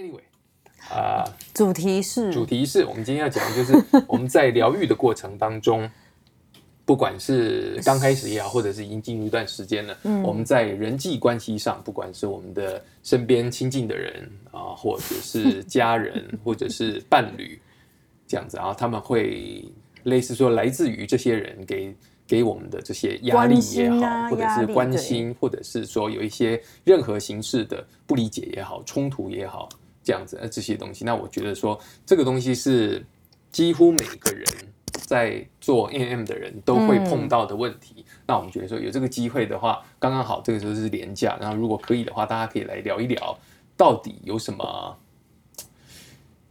Anyway，啊、uh，主題是主題是我們今天要講的，就是 我們在療癒的過程當中，不管是剛開始也好，或者是已經進入一段時間了、嗯，我們在人際關係上，不管是我們的身邊親近的人啊，或者是家人， 或者是伴侶，這樣子啊，然後他們會類似說來自於這些人給給我們的這些壓力也好，啊、或者是關心，或者是說有一些任何形式的不理解也好，衝突也好。這樣子、啊，呃，這些東西，那我覺得說，這個東西是幾乎每個人在做 MM 的人都會碰到的問題。嗯、那我們覺得說，有這個機會的話，剛剛好這個時候是連假。然後如果可以的話，大家可以來聊一聊，到底有什麼？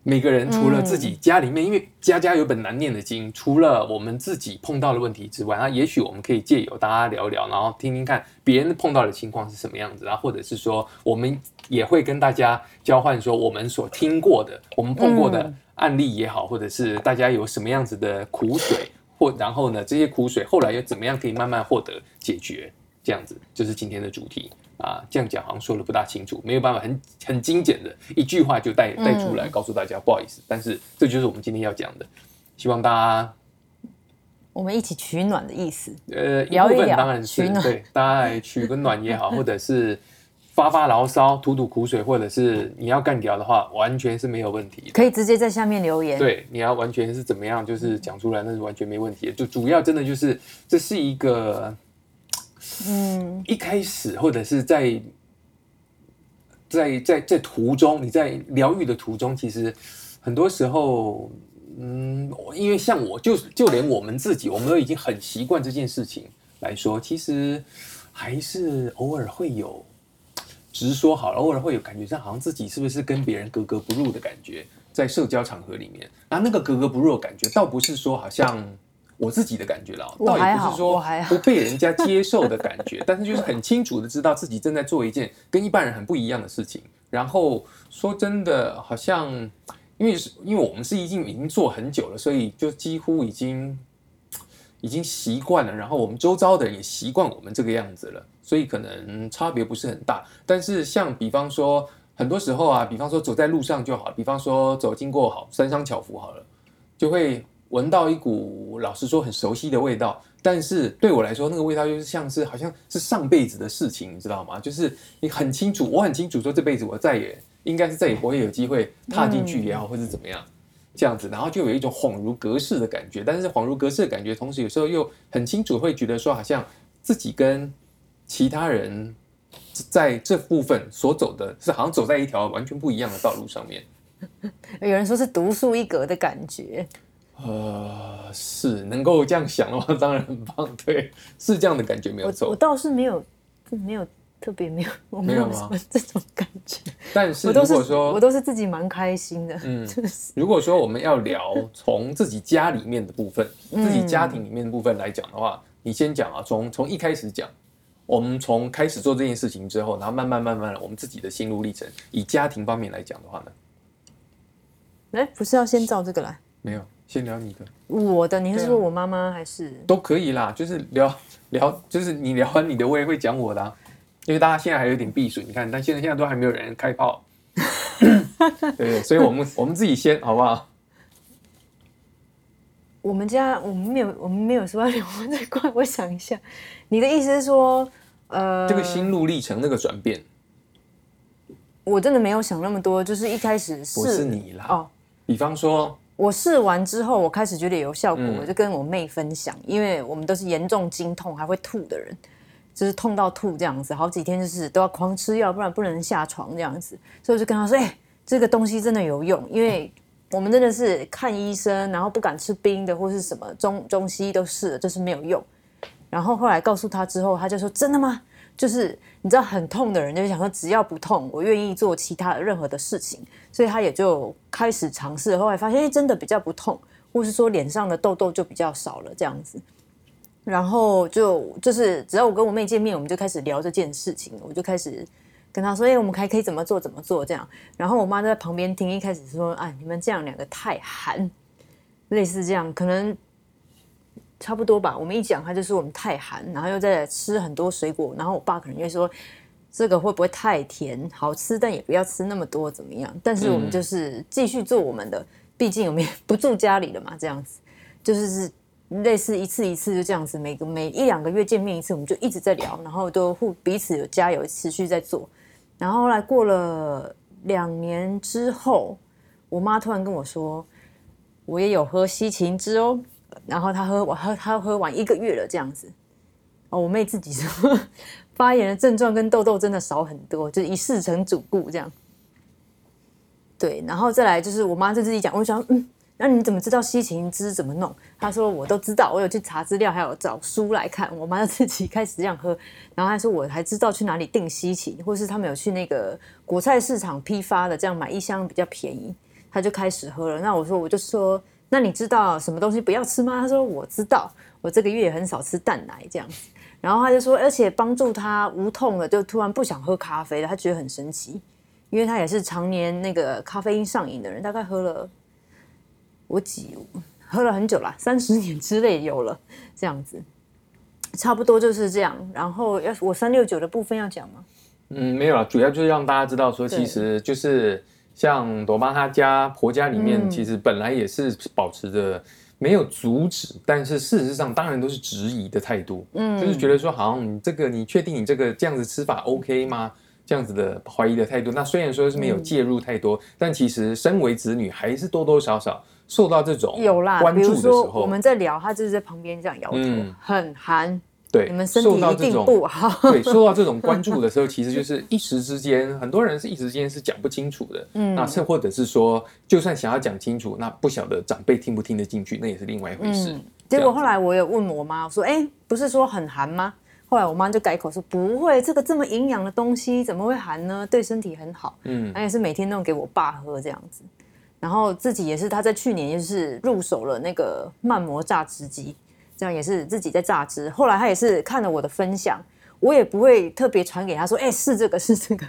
每個人除了自己家裡面，因為家家有本難念的經，除了我們自己碰到的問題之外，那、啊、也許我們可以借由大家聊一聊，然後聽聽看別人碰到的情況是什麼樣子啊，或者是說我們。也會跟大家交換說我們所聽過的、我們碰過的案例也好，嗯、或者是大家有什麼樣子的苦水，或然後呢，這些苦水後來又怎麼樣可以慢慢獲得解決？這樣子就是今天的主題啊。這樣講好像說得不大清楚，沒有辦法很很精簡的一句話就帶帶出來告訴大家、嗯，不好意思，但是這就是我們今天要講的，希望大家我們一起取暖的意思。呃，搖一，搖一部分當然是搖搖取暖，對大家來取個暖也好，或者是。 發發牢騷、吐吐苦水，或者是你要幹掉的話，完全是沒有問題。可以直接在下面留言。對，你要完全是怎麼樣，就是講出來，那是完全沒問題的。就主要真的就是，這是一個，嗯，一開始或者是在，在在在在途中，你在療癒的途中，其實很多時候，嗯，因為像我就，就就連我們自己，我們都已經很習慣這件事情來說，其實還是偶爾會有。直說好了，或者會有感覺上好像自己是不是跟別人格格不入的感覺，在社交場合裡面，啊，那個格格不入的感覺，倒不是說好像我自己的感覺了，倒也不是說我不被人家接受的感覺， 但是就是很清楚的知道自己正在做一件跟一般人很不一樣的事情。然後說真的，好像因為是因為我們是已經已經做很久了，所以就幾乎已經已經習慣了，然後我們周遭的人也習慣我們這個樣子了。所以可能差別不是很大，但是像比方說，很多時候啊，比方說走在路上就好，比方說走經過好三商巧福好了，就會聞到一股老實說很熟悉的味道。但是對我來說，那個味道就是像是好像是上輩子的事情，你知道嗎？就是你很清楚，我很清楚說這輩子我再也應該是再也不會有機會踏進去也好、嗯，或是怎麼樣這樣子，然後就有一種恍如隔世的感覺。但是恍如隔世的感覺，同時有時候又很清楚會覺得說，好像自己跟其他人在這部分所走的是好像走在一條完全不一樣的道路上面， 有人說是獨樹一格的感覺，呃、是能夠這樣想的話，當然很棒。對，是這樣的感覺沒有錯。我我倒是沒有沒有特別沒有我沒有什麼有嗎這種感覺。但是如果說我都,我都是自己蠻開心的。嗯、就是，如果說我們要聊從自己家裡面的部分， 自己家庭裡面的部分來講的話，嗯、你先講啊，從從一開始講。我們從開始做這件事情之後，然後慢慢慢慢我們自己的心路歷程，以家庭方面來講的話呢，誒，不是要先照這個來？沒有，先聊你的。我的，你是說我媽媽、啊，還是？都可以啦，就是聊聊，就是你聊完你的，我也會講我的、啊，因為大家現在還有點避諱，你看，但現在現在都還沒有人開炮， 對，所以我們 我們自己先，好不好？我們家我們沒有我們沒有說要聊，我怪我想一下。你的意思是說，呃，這個心路歷程那個轉變，我真的沒有想那麼多。就是一開始是，不是你啦？哦，比方說，我試完之後，我開始覺得有效果，我就跟我妹分享，嗯、因為我們都是嚴重經痛還會吐的人，就是痛到吐這樣子，好幾天就是都要狂吃藥，不然不能下床這樣子。所以我就跟她說，哎、欸，這個東西真的有用，因為我們真的是看醫生，然後不敢吃冰的或是什麼中中西醫都試了，就是沒有用。然後後來告訴他之後，他就說：“真的嗎？”就是你知道很痛的人，就想說只要不痛，我願意做其他任何的事情。所以他也就開始嘗試，後來發現，哎，真的比較不痛，或是說臉上的痘痘就比較少了這樣子。然後就就是只要我跟我妹見面，我們就開始聊這件事情，我就開始跟他說：“哎，我們還可以怎麼做怎麼做？”這樣。然後我媽就在旁邊聽，一開始說：“啊，你們這樣兩個太寒。”類似這樣，可能。差不多吧，我們一講他就說我們太寒，然後又在吃很多水果，然後我爸可能就說這個會不會太甜，好吃但也不要吃那麼多怎麼樣？但是我們就是繼續做我們的，嗯、畢竟我們也不住家裡的嘛，這樣子就是是類似一次一次就這樣子，每個每一兩個月見面一次，我們就一直在聊，然後都互彼此有加油，持續在做。然後後來過了兩年之後，我媽突然跟我說，我也有喝西芹汁哦。然後他喝，我喝。他喝完一個月了這樣子。哦，我妹自己說，發炎的症狀跟痘痘真的少很多，就一試成主顧這樣。對，然後再來就是我媽就自己講，我就想嗯，那你怎麼知道西芹汁怎麼弄？他說我都知道，我有去查資料，還有找書來看。我媽就自己開始這樣喝，然後他說我還知道去哪裡訂西芹，或是他們有去那個果菜市場批發的，這樣買一箱比較便宜。他就開始喝了。那我說我就說。那你知道什麼東西不要吃嗎？他說我知道，我這個月也很少吃蛋奶這樣子。然後他就說，而且幫助他無痛了，就突然不想喝咖啡了，他覺得很神奇，因為他也是常年那個咖啡因上癮的人，大概喝了我幾，喝了很久了，三十年之內有了這樣子，差不多就是這樣。然後要我三六九的部分要講嗎？嗯，沒有啦，主要就是讓大家知道說，其實就是。像朵媽她家婆家裡面，其實本來也是保持着沒有阻止，嗯，但是事實上當然都是質疑的態度，嗯，就是覺得說，好像，你這個你確定你這個這樣子吃法 OK 嗎？這樣子的懷疑的態度。那雖然說是沒有介入太多，嗯，但其實身為子女還是多多少少受到這種關注的時候有啦，就是說我們在聊，他就是在旁邊這樣搖頭，嗯，很寒。對，你們身體一定不好。受 對受到這種關注的時候，其實就是一時之間， 很多人是一時之間是講不清楚的。嗯，那甚或者是說，就算想要講清楚，那不曉得長輩聽不聽得進去，那也是另外一回事。嗯、結果後來我也問我媽，我說：“哎、欸，不是說很寒嗎？”後來我媽就改口說：“不會，這個這麼營養的東西怎麼會寒呢？對身體很好。”嗯，而且是每天都給我爸喝這樣子，然後自己也是，他在去年也是入手了那個慢磨榨汁機。這樣也是自己在榨汁。後來他也是看了我的分享，我也不會特別傳給他說，哎、欸，是這個是這個。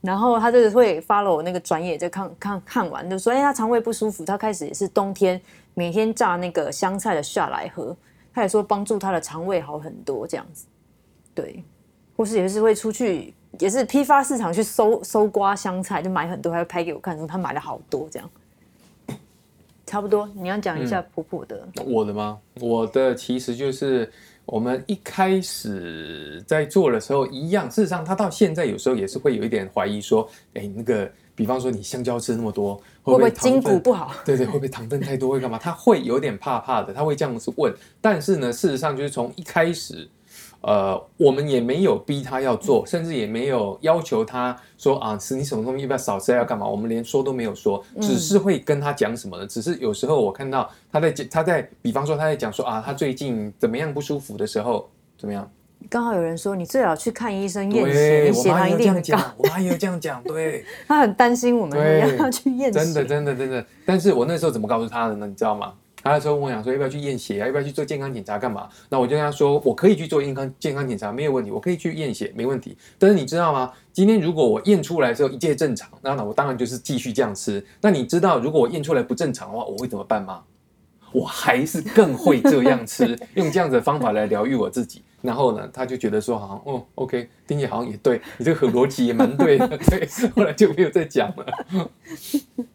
然後他就是會 follow 我那個專業，就看看看完就說，哎、欸，他腸胃不舒服，他開始也是冬天每天榨那個香菜的下來喝，他也說幫助他的腸胃好很多這樣子。對，或是也是會出去，也是批發市場去搜搜刮香菜，就買很多，還會拍給我看，說他買了好多這樣。差不多，你要講一下普普的。嗯，我的嗎？我的其實就是我們一開始在做的時候一樣，事實上他到現在有時候也是會有一點懷疑說，誒，那個，比方說你香蕉吃那麼多會會，會不會筋骨不好？對對，會不會糖分太多，會幹嘛？他會有點怕怕的，他會這樣子問。但是呢，事實上就是從一開始。呃，我們也沒有逼他要做，甚至也沒有要求他說啊，吃你什麼東西要不要少吃，要幹嘛？我們連說都沒有說，只是會跟他講什麼的、嗯。只是有時候我看到他在講，他在，他在比方說他在講說啊，他最近怎麼樣不舒服的時候，怎麼樣？剛好有人說你最好去看醫生驗血，我媽也這樣講，我媽也這樣講，對，他很， 對 他很擔心我們要去驗血，真的真的真的。但是我那時候怎麼告訴他的呢？你知道嗎？他那時候我想說要不要去驗血啊，要不要去做健康檢查幹嘛？那我就跟他說，我可以去做健康健康檢查沒有問題，我可以去驗血沒問題。但是你知道嗎？今天如果我驗出來之後一切正常，那那我當然就是繼續這樣吃。那你知道如果我驗出來不正常的話，我會怎麼辦嗎？我還是更會這樣吃，用這樣子的方法來療癒我自己。 然後呢，他就覺得說好像哦，OK，聽起來好像也對，你這個邏輯也蠻對的，對，後來就沒有再講了。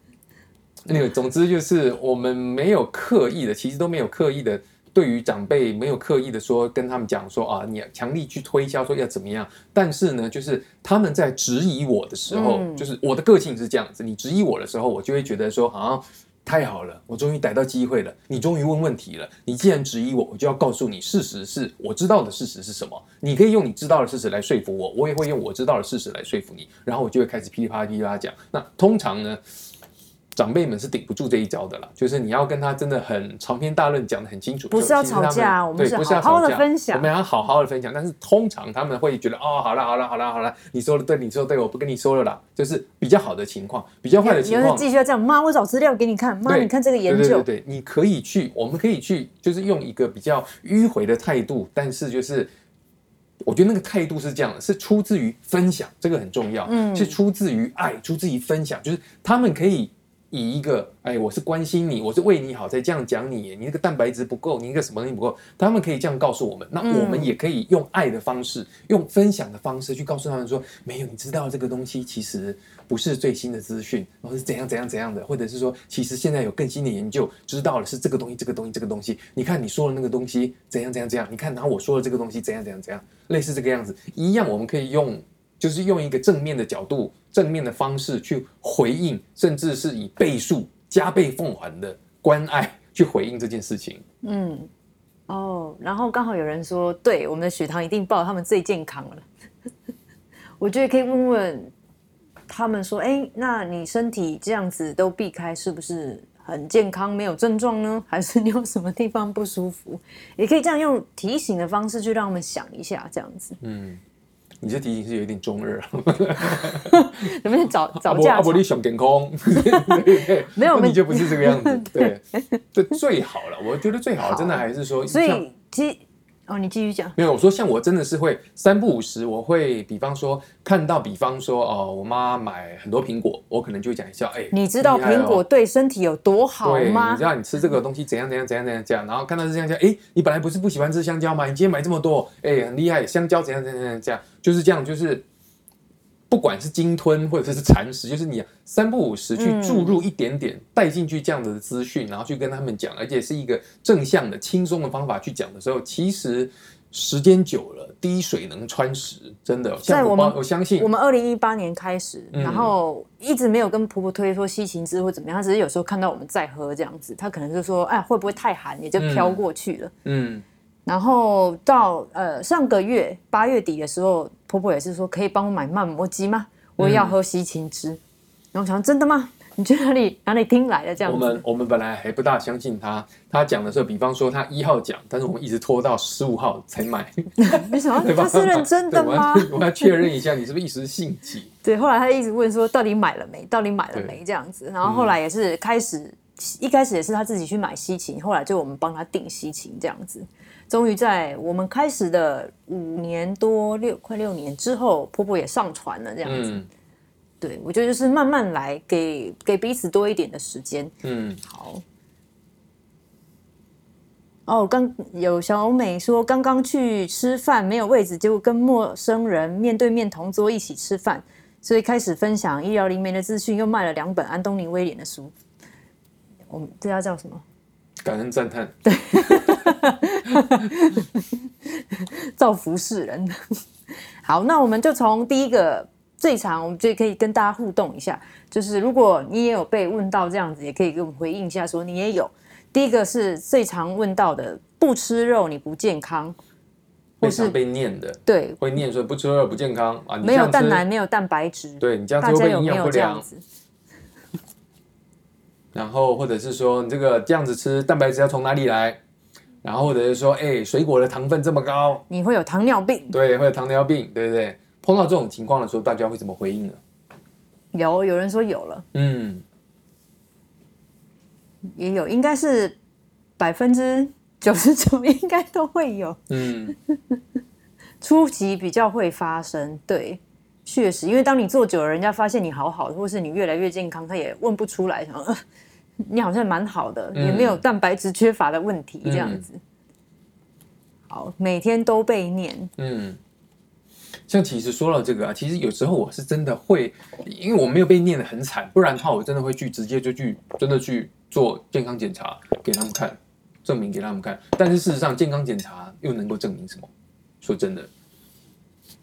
那、嗯、個，總之就是我們沒有刻意的，其實都沒有刻意的對於長輩沒有刻意的說跟他們講說啊，你要強力去推銷說要怎麼樣。但是呢，就是他們在質疑我的時候、嗯，就是我的個性是這樣子。你質疑我的時候，我就會覺得說好像、啊、太好了，我終於逮到機會了，你終於問問題了。你既然質疑我，我就要告訴你事實是，我知道的事實是什麼。你可以用你知道的事實來說服我，我也會用我知道的事實來說服你。然後我就會開始噼里啪啦噼里啪啦講。那通常呢？長輩們是頂不住這一招的啦，就是你要跟他真的很長篇大論講得很清楚，不是要吵架，我們是好好的分享，我們要好好的分享、嗯。但是通常他們會覺得哦，好啦好啦好啦好啦，你說的對，你說的對，我不跟你說了啦。就是比較好的情況，比較壞的情況 okay, 你要是繼續要這樣，媽，我找資料給你看，媽，你看這個研究，對，對對對，你可以去，我們可以去，就是用一個比較迂迴的態度，但是就是我覺得那個態度是這樣的，是出自於分享，這個很重要，嗯，是出自於愛，出自於分享，就是他們可以。以一個，哎，我是關心你，我是為你好才這樣講你。你那個蛋白質不夠，你那個什麼東西不夠，他們可以這樣告訴我們，那我們也可以用愛的方式，用分享的方式去告訴他們說，沒有，你知道這個東西其實不是最新的資訊，然後是怎樣怎樣怎樣的，或者是說，其實現在有更新的研究，知道了是這個東西，這個東西，這個東西。你看你說的那個東西怎樣怎樣怎樣，你看拿我說的這個東西怎樣怎樣怎樣，類似這個樣子，一樣我們可以用。就是用一個正面的角度、正面的方式去回應，甚至是以倍數、加倍奉還的關愛去回應這件事情。嗯，哦，然後剛好有人說，對我們的血糖一定報，他們最健康了。 我覺得可以問問他們說，哎，那你身體這樣子都避開，是不是很健康，沒有症狀呢？還是你有什麼地方不舒服？也可以這樣用提醒的方式去讓他們想一下，這樣子。嗯。你這提醒是有點中二，怎麼去找找我，啊？勢，阿伯立雄空，沒有，你就不是這個樣子。 對， 就最好了。我覺得最好真的還是說，哦，你繼續講。沒有，我說像我真的是會三不五時，我會比方說看到，比方說哦，我媽買很多蘋果，我可能就會講一下，哎，你知道蘋果、哦、對身體有多好嗎？嗯、你知道你吃這個東西怎樣怎樣怎樣怎樣這樣，然後看到是香蕉，哎，你本來不是不喜歡吃香蕉嗎？你今天買這麼多，哎，很厲害，香蕉怎樣怎樣，怎樣怎樣怎樣，就是這樣，就是。不管是鯨吞或者是蠶食，就是你三不五時去注入一點點帶進、嗯、去這樣的資訊，然後去跟他們講，而且是一個正向的、輕鬆的方法去講的時候，其實時間久了，滴水能穿石，真的，像，在我們，我相信我們二零一八年開始，然後一直沒有跟婆婆推說西芹汁或怎麼樣，她只是有時候看到我們在喝這樣子，她可能就說：“哎，會不會太寒？”也就飄過去了。嗯。嗯然後到呃上個月八月底的時候，婆婆也是說，可以幫我買慢磨機嗎？我也要喝西芹汁，嗯。然後我想，真的嗎？你去哪裡哪裡聽來的這樣子？我們我們本來還不大相信他，他講的時候，比方說他一號講，但是我們一直拖到十五號才買。 沒想到他是認真的嗎？我，我要確認一下，你是不是一時興起？ 對，後來他一直問說，到底買了沒？到底買了沒？這樣子。然後後來也是開始、嗯、一開始也是他自己去買西芹，後來就我們幫他訂西芹這樣子。終於在我們開始的五年多六快六年之後，婆婆也上船了，這樣子、嗯。對，我覺得就是慢慢來給，給給彼此多一點的時間。嗯。好。哦，剛有小美說，剛剛去吃飯沒有位置，結果跟陌生人面對面同桌一起吃飯，所以開始分享醫療靈媒的資訊，又賣了兩本安東尼威廉的書。我們這叫叫什麼？感恩讚嘆。對。 造福世人。 好，那我們就從第一個最常，我們就可以跟大家互動一下。就是如果你也有被問到這樣子，也可以給我們回應一下，說你也有。第一個是最常問到的，不吃肉你不健康。非常被念的，對，會念說不吃肉不健康、啊、沒有蛋奶，沒有蛋白質，對你這樣子會營養不良。 然後或者是說你這個這樣子吃，蛋白質要從哪裡來？然後或者是說，哎、欸，水果的糖分這麼高，你會有糖尿病。對，會有糖尿病，對不對？碰到這種情況的時候，大家會怎麼回應呢？有有人說有了，嗯，也有，應該是百分之九十九應該都會有，嗯， 初期比較會發生，對，確實，因為當你做久了，人家發現你好好或是你越來越健康，他也問不出來什麼。你好像蠻好的，嗯、也沒有蛋白質缺乏的問題，這樣子、嗯。好，每天都被念。嗯，像其實說到這個啊，其實有時候我是真的會，因為我沒有被念得很慘，不然的話我真的會去直接就去真的去做健康檢查給他們看，證明給他們看。但是事實上，健康檢查又能夠證明什麼？說真的，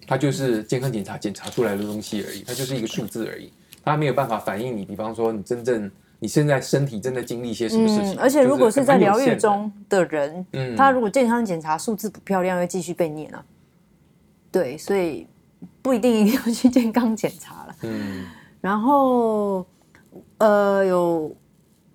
它就是健康檢查檢查出來的東西而已，它就是一個數字而已，它沒有辦法反映你，比方說你真正。你現在身體正在經歷一些什麼事情？嗯，而且如果是在療癒中的人，嗯，他如果健康檢查數字不漂亮，會繼續被念啊。對，所以不一定要去健康檢查了。嗯。然後，呃，有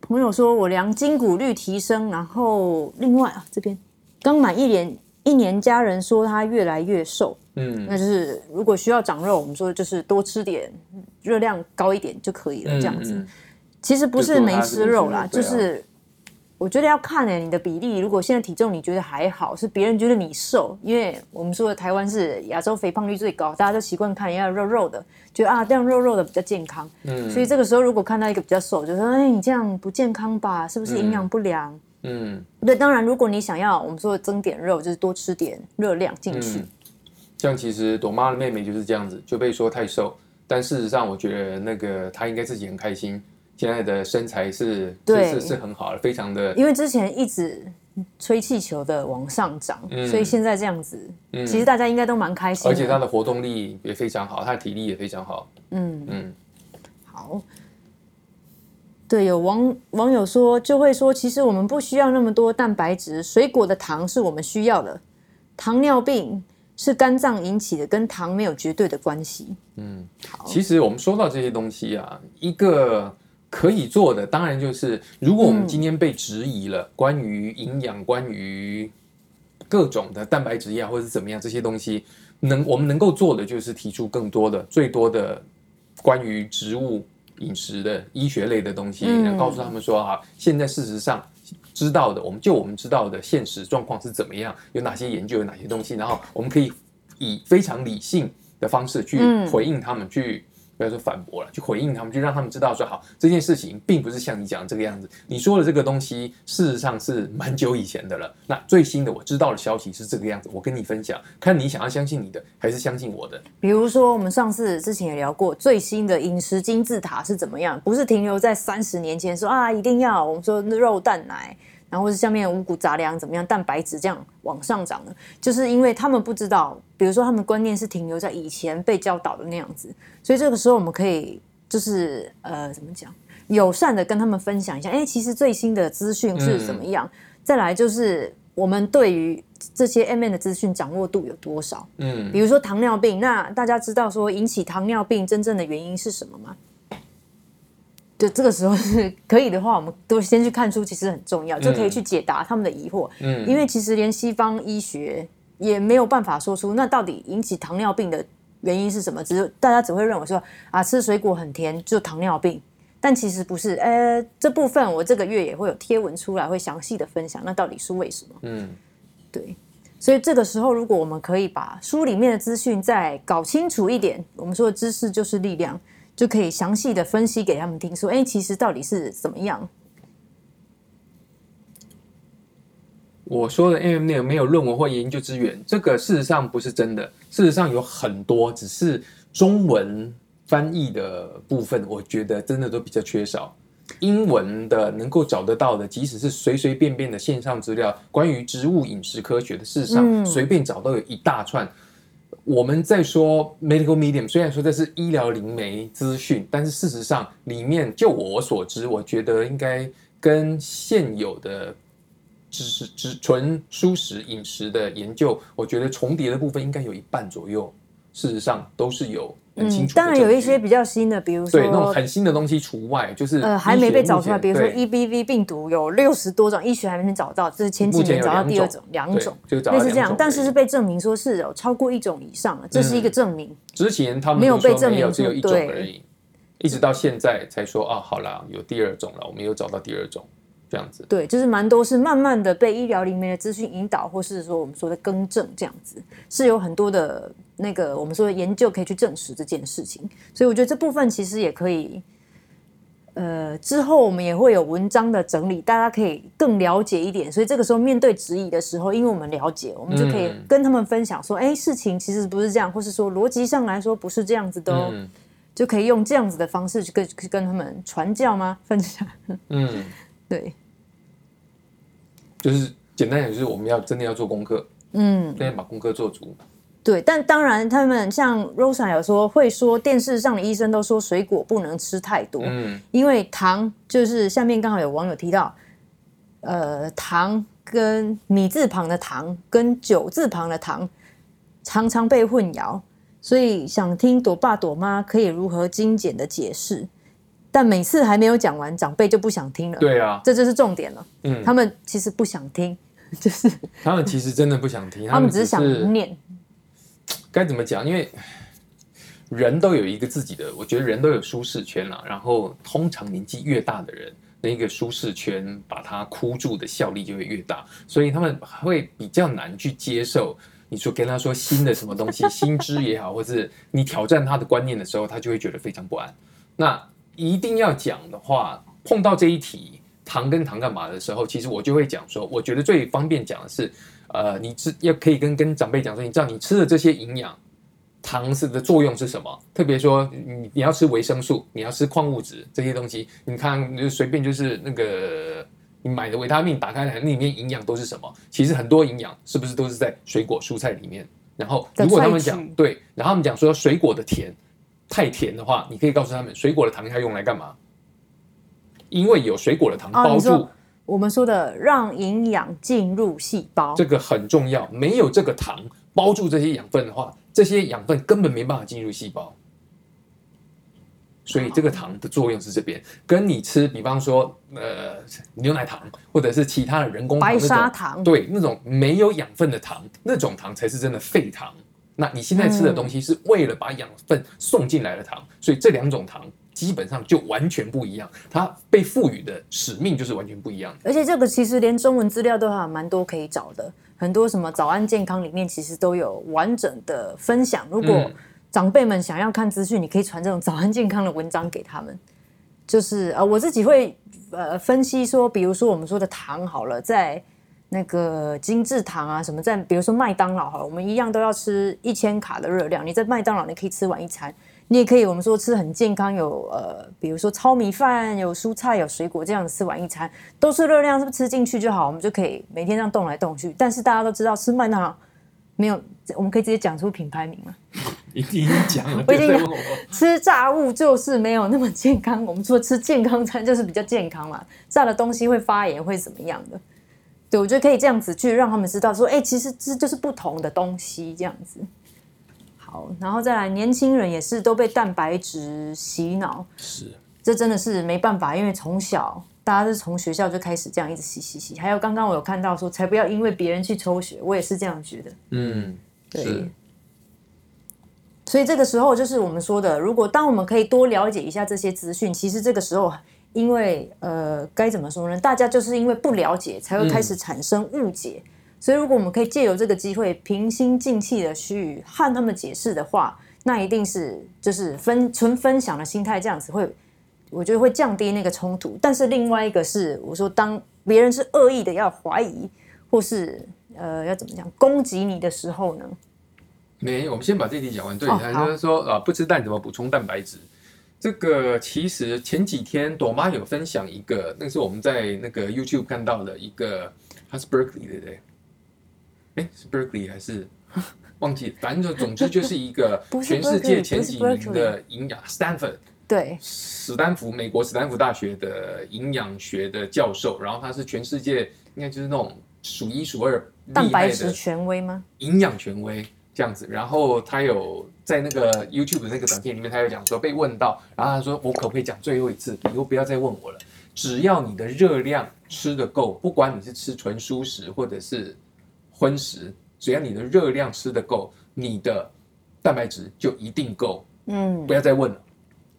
朋友說我量筋骨率提升，然後另外啊，這邊剛滿一年，一年家人說他越來越瘦。嗯，那就是如果需要長肉，我們說就是多吃點，熱量高一點就可以了，嗯嗯，這樣子。其實不是沒吃肉啦，就、就是、啊、我覺得要看哎、欸、你的比例。如果現在體重你覺得還好，是別人覺得你瘦，因為我們說的台灣是亞洲肥胖率最高，大家都習慣看人家的肉肉的，覺得啊，這樣肉肉的比較健康。嗯，所以這個時候如果看到一個比較瘦，就說哎，你這樣不健康吧，是不是營養不良？嗯，嗯，對，當然如果你想要我們說的增點肉，就是多吃點熱量進去。嗯、像其實朵媽的妹妹就是這樣子就被說太瘦，但事實上我覺得那個她應該自己很開心。現在的身材是，對，是很好的，非常的。因為之前一直吹氣球，的往上漲，嗯、所以現在這樣子，嗯，其實大家應該都蠻開心。而且他的活動力也非常好，他的體力也非常好。嗯嗯，好。對，有網網友說就會說，其實我們不需要那麼多蛋白質，水果的糖是我們需要的。糖尿病是肝臟引起的，跟糖沒有絕對的關係。嗯，好。其實我們說到這些東西啊，一個。可以做的，當然就是如果我們今天被質疑了，關於營養、嗯、關於各種的蛋白質啊，或者是怎麼樣這些東西，能我們能夠做的就是提出更多的、最多的關於植物飲食的醫學類的東西，然後告訴他們說啊，嗯、現在事實上知道的，我們就我們知道的現實狀況是怎麼樣，有哪些研究，有哪些東西，然後我們可以以非常理性的方式去回應他們、嗯、去。不要說反駁了，就回應他們，就讓他們知道說好，這件事情並不是像你講的這個樣子。你說的這個東西，事實上是蠻久以前的了。那最新的我知道的消息是這個樣子，我跟你分享，看你想要相信你的還是相信我的。比如說，我們上次之前也聊過最新的飲食金字塔是怎麼樣，不是停留在三十年前說啊一定要我們說肉蛋奶。或者是下面的五穀雜糧怎麼樣？蛋白質這樣往上漲呢？就是因為他們不知道，比如說他們觀念是停留在以前被教導的那樣子，所以這個時候我們可以就是呃怎麼講？友善的跟他們分享一下，哎，其實最新的資訊是怎麼樣？嗯、再來就是我們對於這些 M N 的資訊掌握度有多少？嗯，比如說糖尿病，那大家知道說引起糖尿病真正的原因是什麼嗎？就這個時候可以的話，我們都先去看書，其實很重要，就可以去解答他們的疑惑。嗯，因為其實連西方醫學也沒有辦法說出那到底引起糖尿病的原因是什麼，只是大家只會認為說啊，吃水果很甜就糖尿病，但其實不是。呃，這部分我這個月也會有貼文出來，會詳細的分享那到底是為什麼。嗯，對，所以這個時候如果我們可以把書裡面的資訊再搞清楚一點，我們說的知識就是力量。就可以詳細的分析給他們聽，說，哎，其實到底是怎麼樣？我說的 MM 內容沒有論文或研究資源，這個事實上不是真的。事實上有很多，只是中文翻譯的部分，我覺得真的都比較缺少。英文的能夠找得到的，即使是隨隨便便的線上資料，關於植物飲食科學的事實上，隨便找到有一大串。嗯我們在說 medical medium，雖然說這是醫療靈媒資訊，但是事實上裡面就我所知，我覺得應該跟現有的只是只純蔬食飲食的研究，我覺得重疊的部分應該有一半左右，事實上都是有。嗯，當然有一些比較新的，比如說很新的東西除外，就是呃還沒被找出來。比如說 EBV 病毒有六十多種，醫學還沒能找到，這、就是前幾年找到第二種，兩種,兩種,就兩種類似這樣，但是是被證明說是有超過一種以上的，這是一個證明。嗯、之前他們沒有被證明只有一種而已對，一直到現在才說啊，好了，有第二種了，我們又找到第二種這樣子。對，就是蠻多是慢慢的被醫療裡面的資訊引導，或是說我們說的更正這樣子，是有很多的。那個我們說研究可以去證實這件事情，所以我覺得這部分其實也可以，呃，之後我們也會有文章的整理，大家可以更了解一點。所以這個時候面對質疑的時候，因為我們了解，我們就可以跟他們分享說：“哎、嗯，事情其實不是這樣，或是說邏輯上來說不是這樣子。嗯”都就可以用這樣子的方式去跟跟他們傳教嗎？分享。 嗯，對，就是簡單點，就是我們要真的要做功課，嗯，真的要把功課做足。對，但當然，他們像 Rosa 有說會說電視上的醫生都說水果不能吃太多，嗯，因為糖就是，下面剛好有網友提到，呃，糖跟米字旁的糖跟九字旁的糖常常被混淆，所以想聽朵爸朵媽可以如何精簡的解釋，但每次還沒有講完，長輩就不想聽了。對啊，這就是重點了。嗯，他們其實不想聽，就是他們其實真的不想聽，他們只是，他們只是想念。該怎麼講？因為人都有一個自己的，我覺得人都有舒適圈啦，啊。然後通常年紀越大的人，那個舒適圈把他箍住的效力就會越大，所以他們會比較難去接受你說跟他說新的什麼東西， 新知也好，或是你挑戰他的觀念的時候，他就會覺得非常不安。那一定要講的話，碰到這一題糖跟糖幹嘛的時候，其實我就會講說，我覺得最方便講的是。呃，你吃也可以跟跟長輩講說，你知道你吃的這些營養糖是的作用是什麼？特別說，你你要吃維生素，你要吃礦物質這些東西。你看就隨便就是那個你買的維他命打開來，那裡面營養都是什麼？其實很多營養是不是都是在水果蔬菜裡面？然後如果他們講對，然後他們講說水果的甜太甜的話，你可以告訴他們，水果的糖要用來幹嘛？因為有水果的糖包住。啊我們說的讓營養進入細胞，這個很重要。沒有這個糖包住這些養分的話，這些養分根本沒辦法進入細胞。所以這個糖的作用是這邊。跟你吃，比方說，呃，牛奶糖，或者是其他的人工白砂糖，對，那種沒有養分的糖，那種糖才是真的廢糖。那你現在吃的東西是為了把養分送進來的糖，嗯，所以這兩種糖。基本上就完全不一樣，它被賦予的使命就是完全不一樣。而且這個其實連中文資料都還蠻多可以找的，很多什麼早安健康裡面其實都有完整的分享。如果長輩們想要看資訊，你可以傳這種早安健康的文章給他們。就是呃，我自己會呃分析說，比如說我們說的糖好了，在那個精致糖啊什麼，在比如說麥當勞哈，我們一樣都要吃一千卡的熱量。你在麥當勞你可以吃完一餐，你也可以，我們說吃很健康，有呃，比如說糙米飯，有蔬菜，有水果，這樣子吃完一餐都是熱量，是不是吃進去就好？我們就可以每天這樣動來動去。但是大家都知道吃麥當勞沒有，我們可以直接講出品牌名嘛？已經講了， 我已經講過，吃炸物就是沒有那麼健康。我們說吃健康餐就是比較健康嘛，炸的東西會發炎會怎麼樣的？對，我覺得可以這樣子去讓他們知道說，說、欸、哎，其實這就是不同的東西，這樣子。然後再來，年輕人也是都被蛋白質洗腦，是，這真的是沒辦法，因為從小大家是從學校就開始這樣一直洗洗洗。還有剛剛我有看到說，才不要因為別人去抽血，我也是這樣覺得。嗯，對。所以這個時候就是我們說的，如果當我們可以多了解一下這些資訊，其實這個時候，因為呃該怎麼說呢？大家就是因為不了解，才會開始產生誤解。嗯所以，如果我們可以借由這個機會平心靜氣的去和他們解釋的話，那一定是就是分純分享的心態這樣子，會，我覺得會降低那個衝突。但是另外一個是，我說當別人是惡意的要懷疑，或是呃要怎麼講，攻擊你的時候呢？沒，我們先把這題講完。對，他、哦、就是說、哦、啊，不吃蛋怎麼補充蛋白質？這個其實前幾天朵媽有分享一個，那是我們在那個 YouTube 看到的一個，他是 Berkeley 對不對？哎，是 Berkeley 還是忘記了，反正總之就是一個全世界前幾名的營養，Stanford 對，史丹福美國史丹福大學的營養學的教授，然後他是全世界應該就是那種數一數二蛋白質權威嗎？營養權威這樣子，然後他有在那個 YouTube 那個短片裡面，他有講說被問到，然後他說我可不可以講最後一次，以後不要再問我了，只要你的熱量吃得夠，不管你是吃純蔬食或者是。葷食，只要你的熱量吃得夠，你的蛋白質就一定夠。嗯，不要再問了。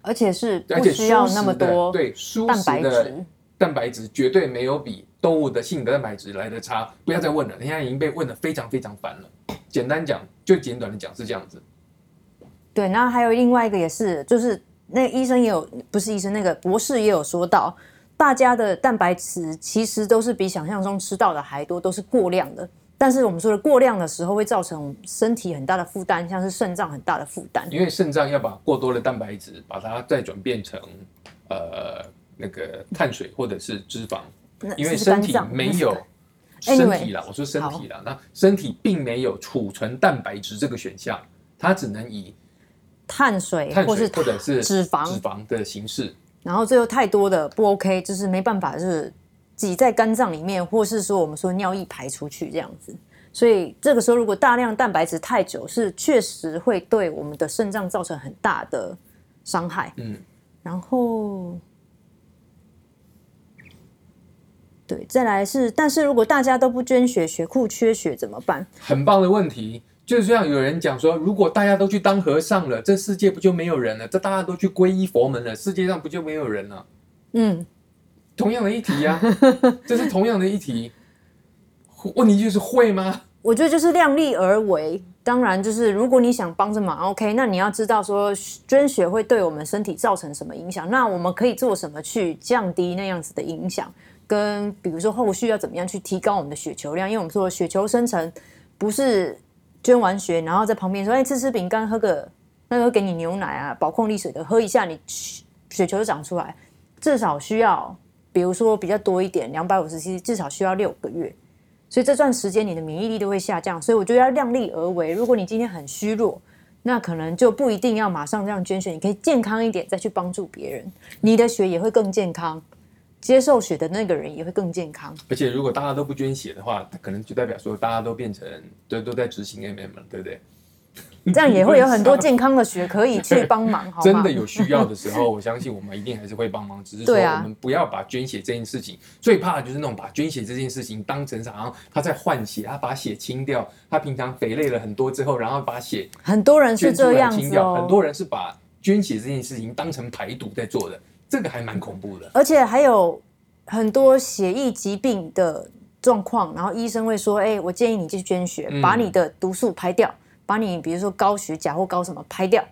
而且是而且不需要那麼多蛋白質。對，素食的蛋白質絕對沒有比動物的性的蛋白質來得差。不要再問了，人家已經被問得非常非常煩了。簡單講，就簡短的講是這樣子。對，然後還有另外一個也是，就是那醫生也有，不是醫生，那個博士也有說到，大家的蛋白質其實都是比想象中吃到的還多，都是過量的。但是我們說的過量的時候，會造成身體很大的負擔，像是腎臟很大的負擔。因為腎臟要把過多的蛋白質把它再轉變成，呃，那個碳水或者是脂肪。因為身體沒有，身體啦， anyway, 我說身體啦，那身體並沒有儲存蛋白質這個選項，它只能以碳水、碳水或者是脂肪脂肪的形式。然後最後太多的不 OK，就是沒辦法，就是。擠在肝臟裡面，或是說我們說尿液排出去這樣子，所以這個時候如果大量蛋白質太久，是確實會對我們的腎臟造成很大的傷害。嗯，然後對，再來是，但是如果大家都不捐血，血庫缺血怎麼辦？很棒的問題，就像有人講說，如果大家都去當和尚了，這世界不就沒有人了？這大家都去皈依佛門了，世界上不就沒有人了？嗯。同樣的議題呀，啊， 這是同樣的議題，問題就是會嗎？我覺得就是量力而為。當然，就是如果你想幫着忙，OK，那你要知道說捐血會對我們身體造成什麼影響？那我們可以做什麼去降低那樣子的影響？跟比如說後續要怎麼樣去提高我們的血球量？因為我們說血球生成不是捐完血然後在旁邊說哎，吃吃餅乾，喝個那個給你牛奶啊，寶礦力水得喝一下你血球就長出來。至少需要。比如說比較多一點，兩百五十 cc，至少需要六個月，所以這段時間你的免疫力都會下降，所以我覺得要量力而為。如果你今天很虛弱，那可能就不一定要馬上這樣捐血，你可以健康一點再去幫助別人，你的血也會更健康，接受血的那個人也會更健康。而且如果大家都不捐血的話，可能就代表說大家都變成都都在執行 MM 了，對不對？你這樣也會有很多健康的血可以去幫忙好不好？ 真的有需要的時候，我相信我們一定還是會幫忙。只是說，我們不要把捐血這件事情、啊，最怕的就是那種把捐血這件事情當成啥，然後，他在換血，他把血清掉，他平常肥累了很多之後，然後把血清掉，很多人是這樣子，哦，很多人是把捐血這件事情當成排毒在做的，這個還蠻恐怖的。而且還有很多血液疾病的狀況，然後醫生會說：“哎，我建議你去捐血，嗯、把你的毒素排掉。”把你比如說高血鉀或高什麼排掉，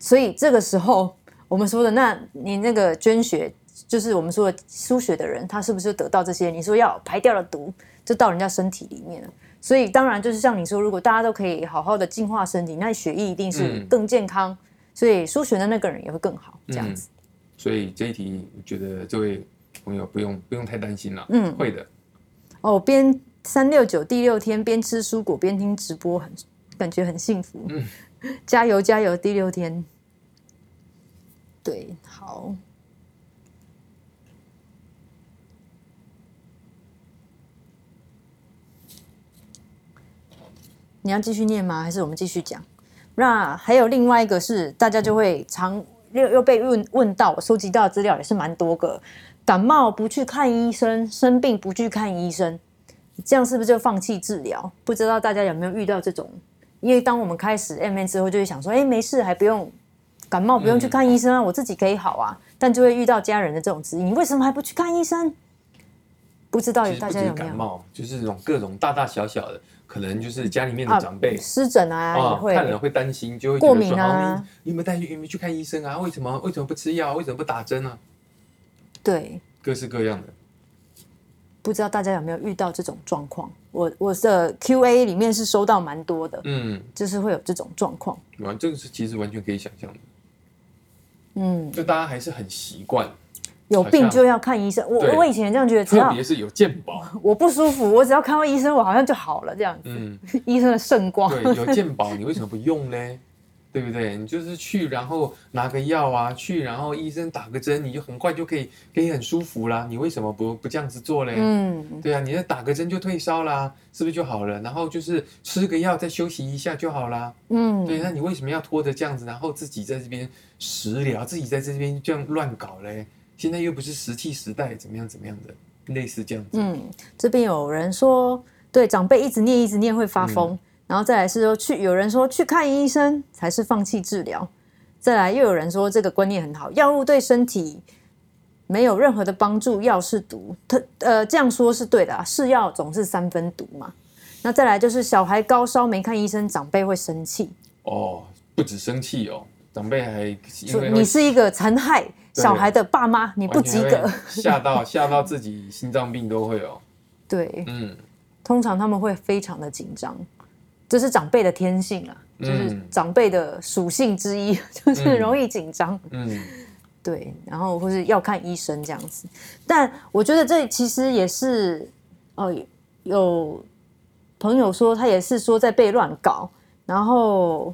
所以這個時候我們說的，那你那個捐血，就是我們說的輸血的人，他是不是得到這些？你說要排掉了毒，就到人家身體裡面了，所以當然就是像你說，如果大家都可以好好的淨化身體，那血液一定是更健康，所以輸血的那個人也會更好這樣子。所以這一題，我覺得這位朋友不用不用太擔心了。嗯，會的。哦，邊三六九第六天邊吃蔬果邊聽直播很。感覺很幸福， 加油加油！第六天，對，好，你要繼續念嗎？還是我們繼續講？那還有另外一個是，大家就會常又又被問問到，收集到的資料也是蠻多個，感冒不去看醫生，生病不去看醫生，這樣是不是就放棄治療？不知道大家有沒有遇到這種？因為當我們開始 MM 之後，就會想說：“哎，沒事，還不用感冒，不用去看醫生啊，嗯、我自己可以好啊。”但就會遇到家人的這種質疑，你為什麼還不去看醫生？”不知道有大家有沒有？感冒就是這種各種大大小小的，可能就是家裡面的長輩濕疹啊，啊啊會啊看了會擔心，就會說過敏啊。有沒有帶你們去看醫生啊？為什麼為什麼不吃藥？為什麼不打針啊？對，各式各樣的。不知道大家有沒有遇到這種狀況？我我的 Q&A 裡面是收到蠻多的，嗯，就是會有這種狀況。完、啊，這、就、個是其實完全可以想象的，嗯，就大家還是很習慣，有病就要看醫生。我我以前這樣覺得，特別是有健保，我不舒服，我只要看到醫生，我好像就好了這樣子。嗯， 醫生的聖光。對，有健保， 你為什麼不用呢？對不對？你就是去，然後拿個藥啊，去，然後醫生打個針，你就很快就可以，可以很舒服啦。你為什麼不不這樣子做嘞？嗯，對啊，你再打個針就退燒啦，是不是就好了？然後就是吃個藥，再休息一下就好啦。嗯，對，那你為什麼要拖着這樣子，然後自己在這邊食療，自己在這邊這樣亂搞嘞？現在又不是石器時代，怎麼樣怎麼樣的，類似這樣子。嗯，這邊有人說，對，長輩一直念一直念會發瘋。嗯然後再來是說去，有人說去看醫生才是放棄治療，再來又有人說這個觀念很好，藥物對身體沒有任何的幫助，藥是毒，他呃這樣說是對的啊，是藥總是三分毒嘛。那再來就是小孩高燒沒看醫生，長輩會生氣哦，不止生氣哦，長輩還因為你是一個殘害小孩的爸媽，你不及格，嚇到嚇到自己心臟病都會有哦，對，嗯，通常他們會非常的緊張。這是長輩的天性啊，就是長輩的屬性之一，嗯、 就是容易緊張嗯。嗯，對，然後或是要看醫生這樣子。但我覺得這其實也是，哦，有朋友說他也是說在被亂搞，然後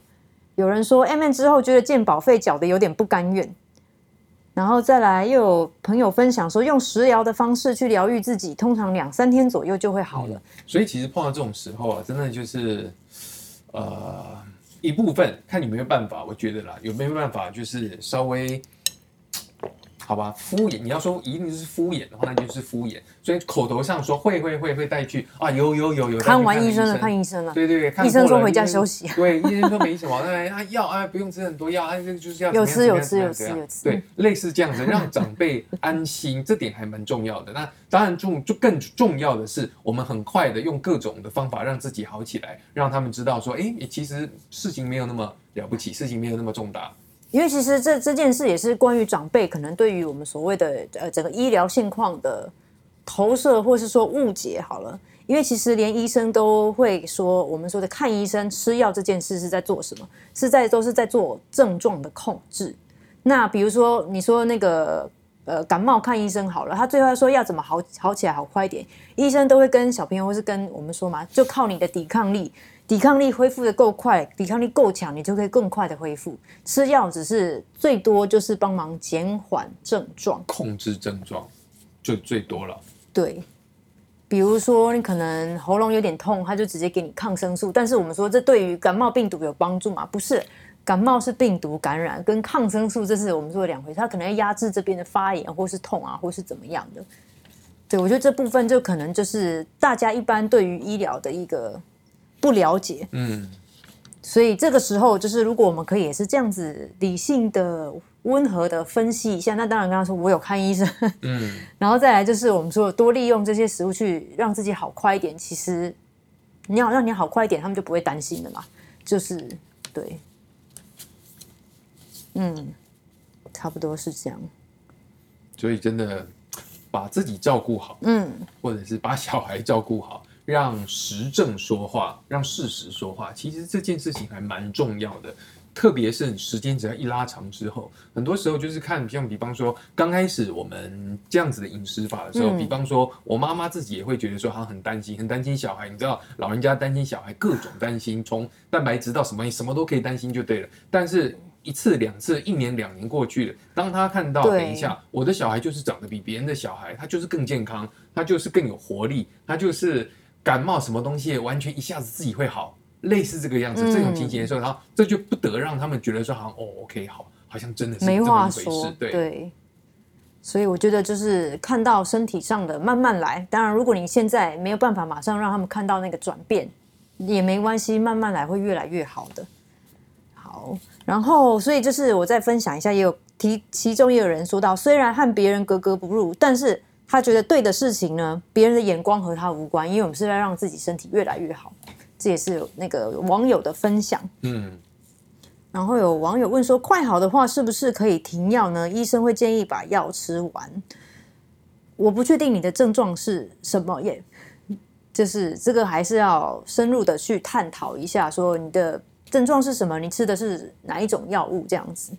有人說 M N 之後覺得健保費繳得有點不甘願，然後再來又有朋友分享說用食療的方式去療癒自己，通常兩三天左右就會好了。嗯、所以其實碰到這種時候啊，真的就是。呃，一部分看你有沒有辦法，我覺得啦，有沒有辦法就是稍微。好吧，敷衍。你要說一定是敷衍的話，那就是敷衍。所以口頭上說會會會會帶去啊，有有有有。看完看醫生了，看醫生了。對對看看看看對，醫生說回家休息。 對，醫生說沒什麼，那、哎、啊藥啊不用吃很多藥啊，這就是要。有吃有吃有吃有吃。對，吃對吃，類似這樣子，讓長輩安心， 這點還蠻重要的。那當然重就更重要的是，我們很快的用各種的方法讓自己好起來，讓他們知道說，哎，其實事情沒有那麼了不起，事情沒有那麼重大。因為其實這這件事也是關於長輩可能對於我們所謂的呃整個醫療現況的投射，或是說誤解好了。因為其實連醫生都會說，我們說的看醫生、吃藥這件事是在做什麼？是在都是在做症狀的控制。那比如說你說那個呃感冒看醫生好了，他最後要說要怎麼好好起來好快一點，醫生都會跟小朋友或是跟我們說嘛，就靠你的抵抗力。抵抗力恢復得夠快，抵抗力夠強，你就可以更快的恢復。吃藥只是最多就是幫忙減緩症狀控，控制症狀就最多了。對，比如說你可能喉嚨有點痛，他就直接給你抗生素。但是我們說，這對於感冒病毒有幫助嗎？不是，感冒是病毒感染，跟抗生素這是我們說兩回事。他可能要壓制這邊的發炎，或是痛啊，或是怎麼樣的。對，我覺得這部分就可能就是大家一般對於醫療的一個。不了解。嗯，所以這個時候就是，如果我們可以也是這樣子理性的、溫和的分析一下，那當然跟他說我有看醫生，嗯， 然後再來就是我們說多利用這些食物去讓自己好快一點，其實你要讓你好快一點，他們就不會擔心了嘛，就是對，嗯，差不多是這樣，所以真的把自己照顧好，嗯，或者是把小孩照顧好。讓實證說話，讓事實說話，其實這件事情還蠻重要的，特別是你時間只要一拉長之後，很多時候就是看，像比方說剛開始我們這樣子的飲食法的時候，嗯、比方說我媽媽自己也會覺得說，她很擔心，很擔心小孩。你知道，老人家擔心小孩，各種擔心，從蛋白質到什麼什麼都可以擔心就對了。但是一次兩次，一年兩年過去了，當她看到，等、哎、一下，我的小孩就是長得比別人的小孩，他就是更健康，他就是更有活力，他就是。感冒什麼東西，完全一下子自己會好，類似這個樣子，這種情形的時候、嗯，然後這就不得讓他們覺得說，好像哦，OK，好，好像真的是這麼一回事，沒話說，對，對。所以我覺得就是看到身體上的慢慢來。當然，如果你現在沒有辦法馬上讓他們看到那個轉變，也沒關係，慢慢來會越來越好的。好，然後所以就是我再分享一下，也有提，其中也有人說到，雖然和別人格格不入，但是，他覺得對的事情呢，別人的眼光和他無關，因為我們是要讓自己身體越來越好。這也是有那個網友的分享。嗯，然後有網友問說，快好的話是不是可以停藥呢？醫生會建議把藥吃完。我不確定你的症狀是什麼耶，yeah. 就是這個還是要深入的去探討一下，說你的症狀是什麼，你吃的是哪一種藥物這樣子。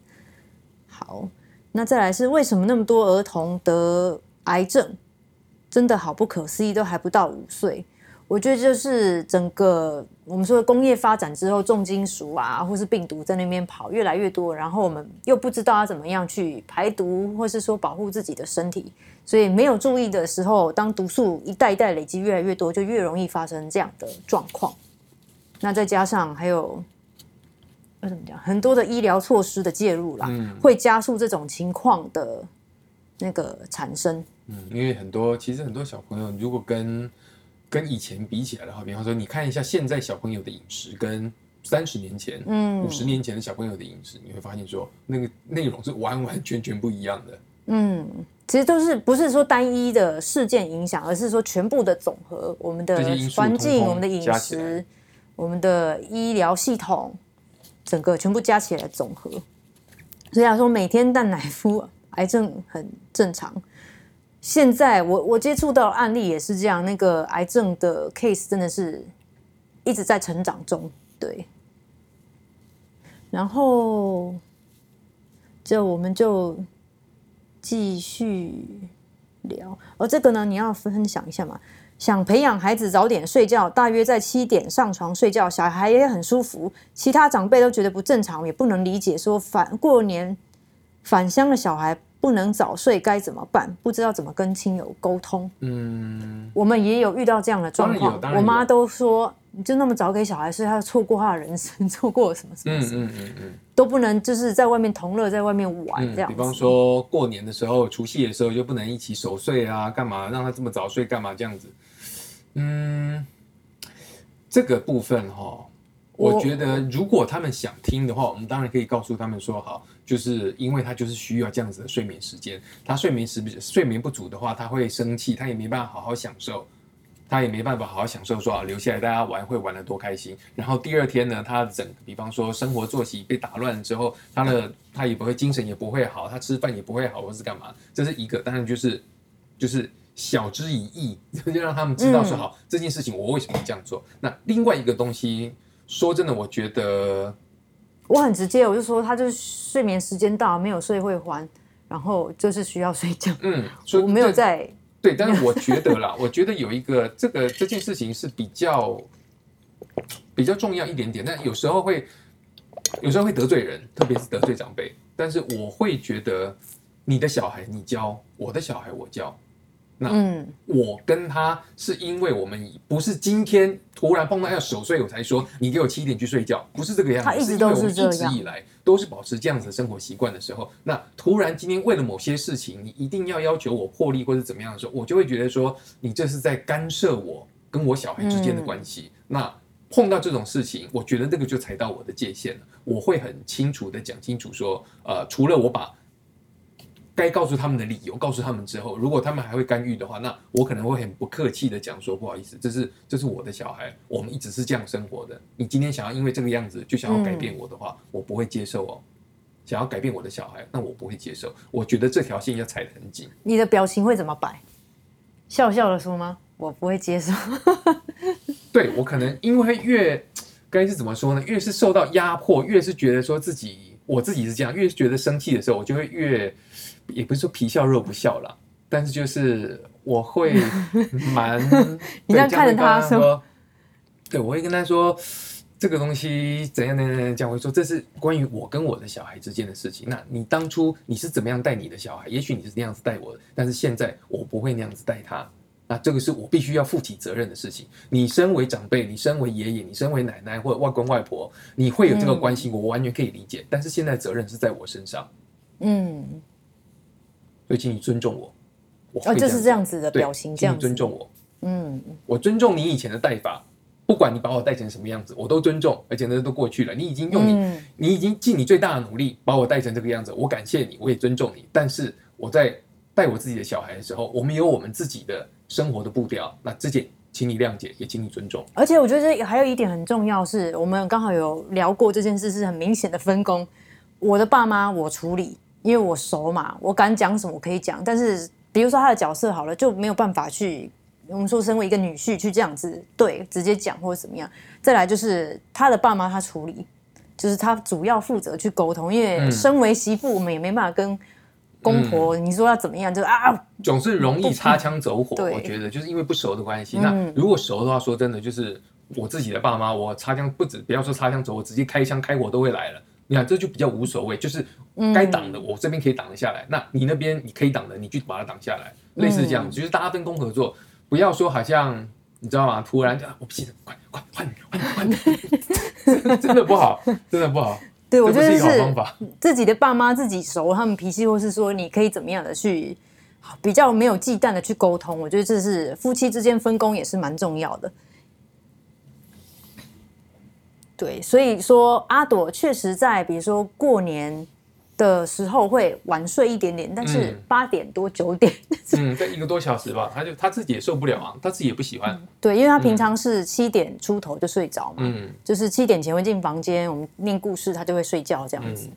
好，那再來是為什麼那麼多兒童得？癌症真的好不可思議，都還不到五歲。我覺得就是整個我們說的工業發展之後，重金屬啊，或是病毒在那邊跑越來越多，然後我們又不知道要怎麼樣去排毒，或是說保護自己的身體，所以沒有注意的時候，當毒素一代一代累積越來越多，就越容易發生這樣的狀況。那再加上還有為什麼講很多的醫療措施的介入啦，嗯、會加速這種情況的。那個產生，嗯，因為很多其實很多小朋友，如果跟跟以前比起來的話，比方說你看一下現在小朋友的飲食跟三十年前，嗯，五十年前的小朋友的飲食，你會發現說那個內容是完完全全不一樣的。嗯，其實都是不是說單一的事件影響，而是說全部的總和，我們的環境，通通我們的飲食、我們的醫療系統，整個全部加起來總和，所以要說每天蛋奶麩，啊。癌症很正常，現在我我接觸到的案例也是這樣，那個癌症的 case 真的是一直在成長中，對。然後就我們就繼續聊，而、哦、這個呢，你要分享一下嘛？想培養孩子早點睡覺，大約在七點上床睡覺，小孩也很舒服，其他長輩都覺得不正常，也不能理解，說反過年返鄉的小孩，不能早睡該怎麼辦？不知道怎麼跟親友溝通。嗯，我們也有遇到這樣的狀況。我媽都說，你就那麼早給小孩睡，他錯過他的人生，錯過什麼什麼，什麼。嗯嗯嗯，嗯，都不能就是在外面同樂，在外面玩，嗯、這樣。比方說過年的時候，除夕的時候就不能一起守歲啊，幹嘛讓他這麼早睡？幹嘛這樣子？嗯，這個部分哈、哦。我，我覺得，如果他們想聽的話，我們當然可以告訴他們說，好，就是因為他就是需要這樣子的睡眠時間。他睡眠時不睡眠不足的話，他會生氣，他也沒辦法好好享受，他也沒辦法好好享受說啊，留下來大家玩會玩得多開心。然後第二天呢，他整，比方說生活作息被打亂了之後，他的他也不會精神也不會好，他吃飯也不會好，或是幹嘛，這是一個。當然就是就是曉之以義，就讓他們知道說、嗯、好這件事情我為什麼這樣做。那另外一個東西。說真的，我覺得我很直接，我就說他就是睡眠時間到沒有睡會還，然後就是需要睡覺。嗯，我沒有在對，但是我覺得啦， 我覺得有一個這個這件事情是比較比較重要一點點，但有時候會有時候會得罪人，特別是得罪長輩。但是我會覺得你的小孩你教，我的小孩我教。那、嗯、我跟他是因為我們不是今天突然碰到要守歲，我才說你給我七點去睡覺，不是這個樣子，他一直都是這樣。是因為我們一直以來都是保持這樣子的生活習慣的時候，那突然今天為了某些事情，你一定要要求我破例或者怎麼樣的時候，我就會覺得說你這是在干涉我跟我小孩之間的關係、嗯。那碰到這種事情，我覺得那個就踩到我的界限了。我會很清楚的講清楚說，呃，除了我把。該告訴他們的理由，告訴他們之後，如果他們還會干預的話，那我可能會很不客氣的講說，不好意思，這是這是我的小孩，我們一直是這樣生活的。你今天想要因為這個樣子就想要改變我的話，嗯，我不會接受哦。想要改變我的小孩，那我不會接受。我覺得這條線要踩得很緊。你的表情會怎麼擺？笑笑的說嗎？我不會接受。 對，我可能因為越該是怎麼說呢？越是受到壓迫，越是覺得說自己。我自己是這樣，越覺得生氣的時候，我就會越，也不是說皮笑肉不笑了，但是就是我會蠻。 對 你要看着他說，對，我會跟他說 這個東西怎樣呢？這樣會說，這是關於我跟我的小孩之間的事情。那你當初你是怎麼樣帶你的小孩？也許你是那樣子帶我的，但是現在我不會那樣子帶他。那、啊、這個是我必須要負起責任的事情。你身為長輩，你身為爺爺，你身為奶奶或者外公外婆，你會有這個關係、嗯、我完全可以理解。但是現在責任是在我身上，嗯，所以請你尊重我，我就、哦、是這樣子的表情，這樣子請你尊重我，嗯，我尊重你以前的帶法，不管你把我帶成什麼樣子，我都尊重，而且那都過去了。你已經用你，嗯、你已經盡你最大的努力把我帶成這個樣子，我感謝你，我也尊重你。但是我在帶我自己的小孩的時候，我們有我們自己的。生活的步調，那這件，請你諒解，也請你尊重。而且我覺得這還有一點很重要是，是我們剛好有聊過這件事，是很明顯的分工。我的爸媽我處理，因為我熟嘛，我敢講什麼可以講。但是比如說他的角色好了，就沒有辦法去，我們說身為一個女婿去這樣子對直接講或者怎麼樣。再來就是他的爸媽他處理，就是他主要負責去溝通，因為身為媳婦我們也沒辦法跟。公婆、嗯，你說要怎麼樣？就啊，總是容易擦槍走火。我覺得就是因為不熟的關係、嗯。那如果熟的話，說真的，就是我自己的爸媽，我擦槍不止，不要說擦槍走火，我直接開槍開火都會來了。你看，這就比較無所謂，就是該擋的我這邊可以擋得下來。嗯、那你那邊你可以擋的，你就把它擋下來、嗯。類似這樣子，就是大家分工合作，不要說好像你知道嗎？突然就、啊、我不記得，快快快， 真的不好，真的不好。對，我覺得是自己的爸媽自己熟，他們脾氣、或是說你可以怎麼樣的去比較沒有忌憚的去溝通。我覺得這是夫妻之間分工也是蠻重要的。對，所以說阿朵確實在比如說過年。的時候會晚睡一點點，但是八點多九點，嗯，對、 嗯，再一個多小時吧。他就他自己也受不了啊，他自己也不喜歡。對，因為他平常是七點出頭就睡着嘛，嗯、就是七點前會進房間，我們念故事，他就會睡覺這樣子，嗯。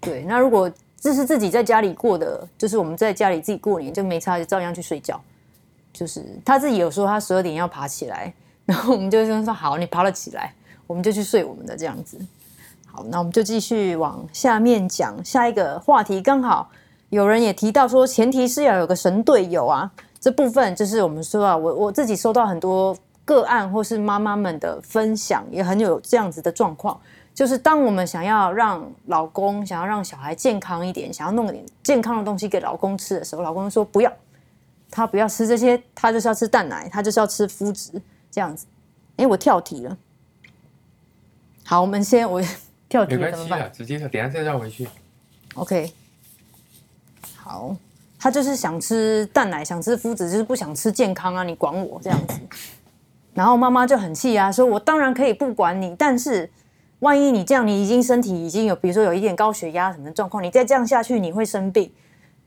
對，那如果這是自己在家裡過的，就是我們在家裡自己過年就沒差，就照樣去睡覺。就是他自己有說他十二點要爬起來，然後我們就說說好，你爬了起來，我們就去睡我們的這樣子。好，那我們就繼續往下面講下一個話題。剛好有人也提到說，前提是要有個神隊友啊。這部分就是我們說啊，我我自己收到很多個案，或是媽媽們的分享，也很有這樣子的狀況。就是當我們想要讓老公，想要讓小孩健康一點，想要弄一點健康的東西給老公吃的時候，老公說不要，他不要吃這些，他就是要吃蛋奶，他就是要吃麩質這樣子。哎，我跳題了。好，我們先我。跳，沒關係呀，直接等下再繞回去。OK，好，他就是想吃蛋奶，想吃麩質，就是不想吃健康啊！你管我這樣子。 然後媽媽就很氣啊，說：“我當然可以不管你，但是萬一你這樣，你已經身體已經有，比如說有一點高血壓什麼狀況，你再這樣下去，你會生病。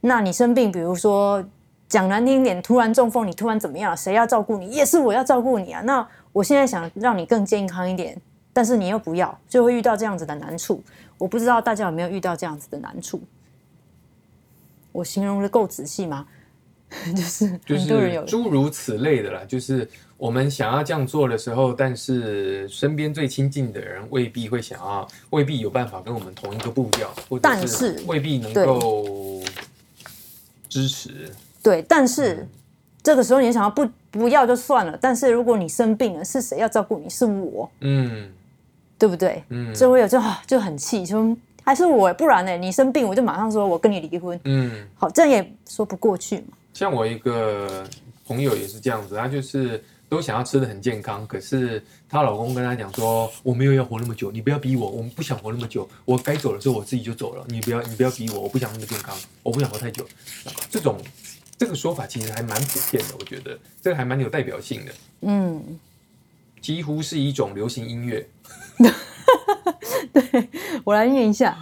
那你生病，比如說講難聽點，突然中風，你突然怎麼樣？誰要照顧你？也是我要照顧你啊！那我現在想讓你更健康一點。”但是你又不要，就會遇到這樣子的難處。我不知道大家有沒有遇到這樣子的難處？我形容得夠仔細嗎？ 就是就是諸如此類的啦。就是我們想要這樣做的時候，但是身邊最親近的人未必會想要，未必有辦法跟我們同一個步調，或者是未必能夠支持。對，對，但是、嗯、這個時候你想要不不要就算了。但是如果你生病了，是誰要照顧你？是我。嗯。對不對？嗯，就我有就、啊、就很氣，說還是我，不然呢？你生病我就馬上說，我跟你離婚。嗯，好，這也說不過去嘛。像我一個朋友也是這樣子，他就是都想要吃得很健康，可是她老公跟她講說：“我沒有要活那麼久，你不要逼我，我們不想活那麼久，我該走的時候我自己就走了，你不要你不要逼我，我不想那麼健康，我不想活太久。”這種這個說法其實還蠻普遍的，我覺得這個還蠻有代表性的。嗯，幾乎是一種流行音樂。 對，我來念一下，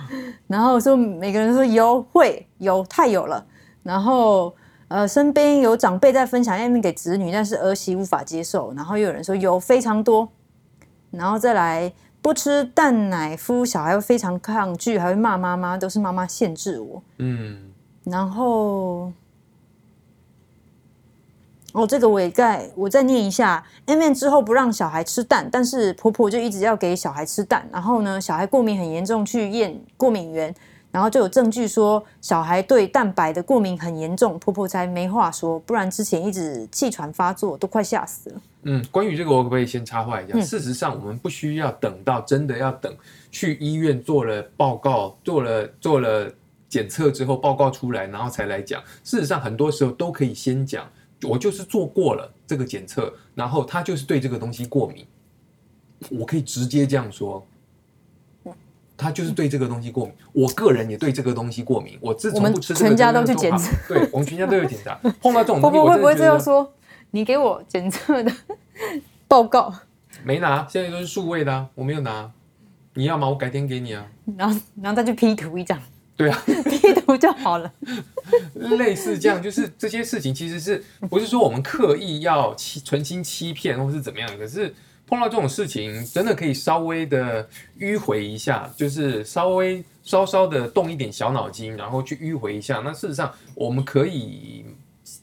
然後說每個人說有會有太有了，然後呃身邊有長輩在分享一面給子女，但是兒媳無法接受，然後又有人說有非常多，然後再來不吃蛋奶，夫小孩會非常抗拒，還會罵媽媽，都是媽媽限制我，嗯，然後。哦，這個我也我再念一下。M M 之後不讓小孩吃蛋，但是婆婆就一直要給小孩吃蛋。然後呢，小孩過敏很嚴重，去驗過敏原，然後就有證據說小孩對蛋白的過敏很嚴重，婆婆才沒話說。不然之前一直氣喘發作都快嚇死了。嗯，關於這個我可不可以先插話一下？事實上，我們不需要等到、嗯、真的要等去醫院做了報告、做了做了檢測之後報告出來，然後才來講。事實上，很多時候都可以先講。我就是做過了這個檢測，然後他就是對這個東西過敏。我可以直接這樣說，他就是對這個東西過敏。我個人也對這個東西過敏，我自從不吃這個，我們全家都去檢測，對，我們全家都有檢測。 碰到這種，婆婆，會不會會不會這樣說？你給我檢測的報告，沒拿，現在都是數位的啊，我沒有拿。你要嗎？我改天給你啊。然後，然後再去 P 圖一張。對啊，低頭就好了。 類似這樣，就是這些事情其實是不是說我們刻意要欺、存心欺騙或是怎麼樣？可是碰到這種事情，真的可以稍微的迂回一下，就是稍微稍稍的動一點小腦筋，然後去迂回一下。那事實上，我們可以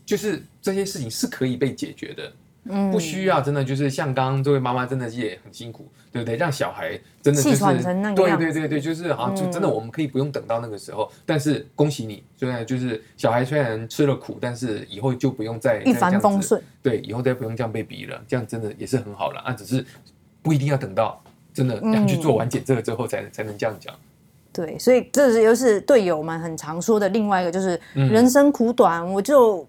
就是這些事情是可以被解決的。嗯、不需要，真的就是像剛剛這位媽媽，真的也很辛苦，對不對？讓小孩真的、就是氣喘成那樣對對對對，就是像、啊嗯、就真的我們可以不用等到那個時候。但是恭喜你，雖然就是小孩雖然吃了苦，但是以後就不用再，再一帆風順，對，以後再不用這樣被逼了，這樣真的也是很好了啊。只是不一定要等到真的、嗯、去做完檢測之後才才能這樣講。對，所以這是又是隊友們很常說的另外一個，就是人生苦短，我就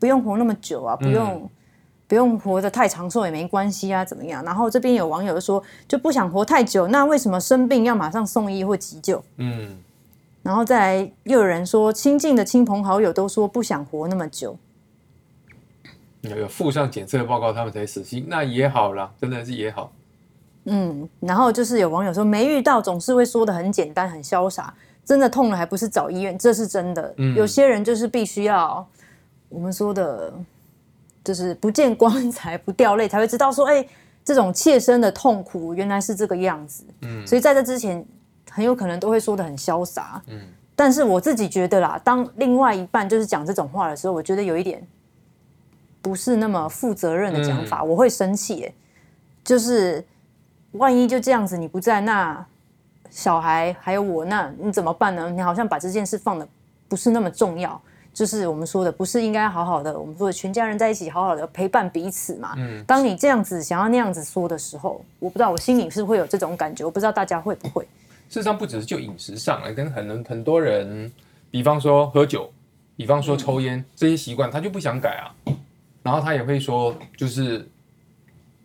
不用活那麼久啊，不用。嗯不用活得太長壽也沒關係啊，怎麼樣？然後這邊有網友說就不想活太久，那為什麼生病要馬上送醫或急救？嗯，然後再來又有人說親近的親朋好友都說不想活那麼久。有有附上檢測報告，他們才死心，那也好啦，真的是也好。嗯，然後就是有網友說沒遇到，總是會說的很簡單很瀟灑，真的痛了還不是找醫院？這是真的。嗯。有些人就是必須要我們說的。就是不見棺材不掉淚，才會知道說，哎、欸，這種切身的痛苦原來是這個樣子。嗯，所以在這之前，很有可能都會說得很瀟灑。嗯，但是我自己覺得啦，當另外一半就是講這種話的時候，我覺得有一點不是那麼負責任的講法，嗯、我會生氣、欸。誒，就是萬一就這樣子你不在，那小孩還有我，那你怎麼辦呢？你好像把這件事放得不是那麼重要。就是我們說的，不是應該好好的？我們說的全家人在一起好好的陪伴彼此嘛。嗯。當你這樣子想要那樣子說的時候，我不知道我心裡是不是會有這種感覺？我不知道大家會不會？事實上，不只是就飲食上，跟很很多人，比方說喝酒，比方說抽菸、嗯、這些習慣，他就不想改啊。然後他也會說，就是